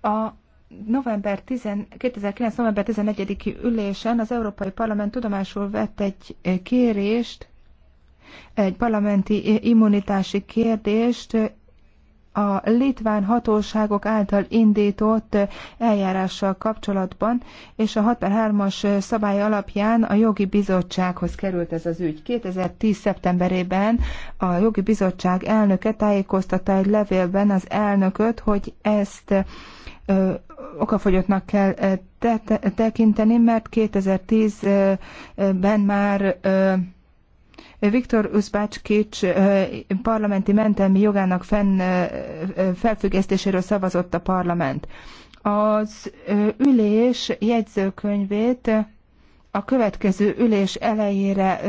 A november 10, 2009. november 11-i ülésen az Európai Parlament tudomásul vett egy eh, kérést, egy parlamenti eh, immunitási kérdést eh, a litván hatóságok által indított eljárással kapcsolatban, és a 63-as szabály alapján a jogi bizottsághoz került ez az ügy. 2010. szeptemberében a jogi bizottság elnöke tájékoztatta egy levélben az elnököt, hogy ezt okafogyottnak kell tekinteni, mert 2010-ben már Viktor Uszbácskics parlamenti mentelmi jogának fenn, felfüggesztéséről szavazott a parlament. Az ülés jegyzőkönyvét a következő ülés elejére